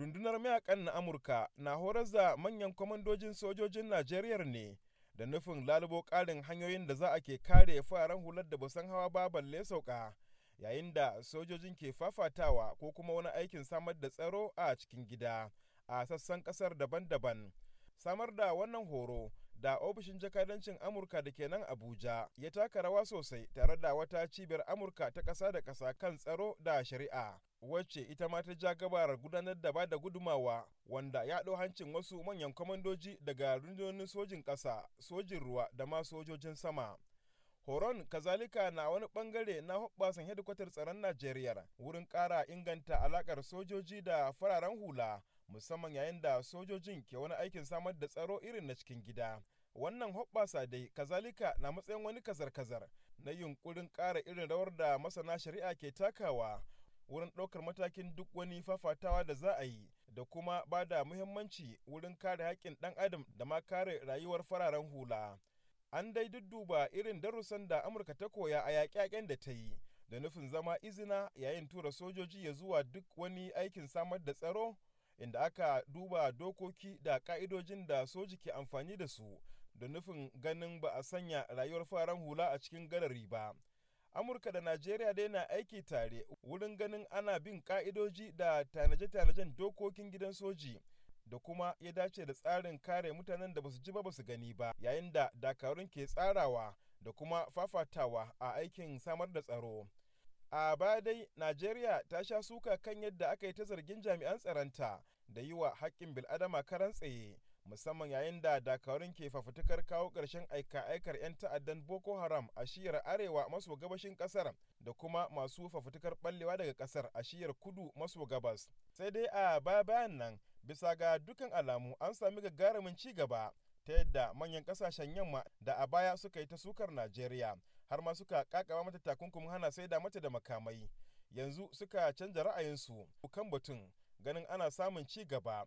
Rundunar mayakan na Amurka na horar da manyan kwamandojin sojojin Najeriya ne da nufin lalubo ƙarin hanyoyin da za a ke kare fararen hular da basan hawa ba balle sauka yayin da sojojin ke fafatawa ko kuma wani aikin samar da tsaro a cikin gida a sassan ƙasar daban-daban. Samar da wannan horo da ofishin jakadancin amurka da ke nan abuja ya taka rawa sosai tare da wata cibiyar amurka ta ƙasa da ƙasa kan tsaro da shari'a wacce ita ma ta ja gabarar gudanar da ba da gudumawa wanda ya ɗau hancin wasu manyan kwamandoji daga rundunonin sojin ƙasa sojin ruwa da ma sojojin sama horon kazalika na wani bangare na hoɓɓasan hedikwatar tsaron najeriya wurin ƙara inganta alaƙar sojoji da fararen hula musamman yayin da sojojin ke wani aikin samar da tsaro irin na cikin gida wannan hoɓɓasa dai kazalika na matsayin wani kazar-kazar na yunkurin ƙara irin rawar da masana shari'a ke takawa wurin ɗaukar matakin duk wani fafatawa da za a yi da kuma ba da muhimmanci wurin kare haƙƙin ɗan adam da ma kare rayuwar fararen hula. An dai dudduba irin darussan da Amurka ta koya a yaƙe-yaƙen da ta yi da nufin zama izina yayin tura sojoji ya zuwa duk wani aikin samar da tsaro inda aka duba dokoki da ka'idojin da soji ke amfani da su da nufin ganin ba a sanya rayuwar fararen hula a cikin gadari ba. Amurka da Najeriya dai na aiki tare wurin ganin ana bin ka'idoji da tanaje-tanajen dokokin gidan soji da kuma ya dace da tsarin kare mutanen da basu ji ba basu gani ba yayin da dakarun ke tsarawa da kuma fafatawa a aikin samar da tsaro. A baya dai Najeriya ta sha suka kan yadda aka yi ta zargin jami'an tsaronta da yi wa haƙƙin bil'adama karan tsaye musamman yayin da dakarun ke fafutukar kawo ƙarshen aika-aikar 'yan ta'addan boko haram a shiyar arewa maso gabashin ƙasar da kuma masu fafutukar ɓallewa daga ƙasar a shiyar kudu maso gabas sai dai a baya bayan nan bisa ga dukkan alamu an sami gagarumin ci gaba ta yadda manyan ƙasashen yamma da a baya suka yi ta sukar najeriya har ma suka kakaba mata takunkumin hana sai da mata da makamai yanzu suka canza ra'ayinsu kan batun ganin ana samun ci gaba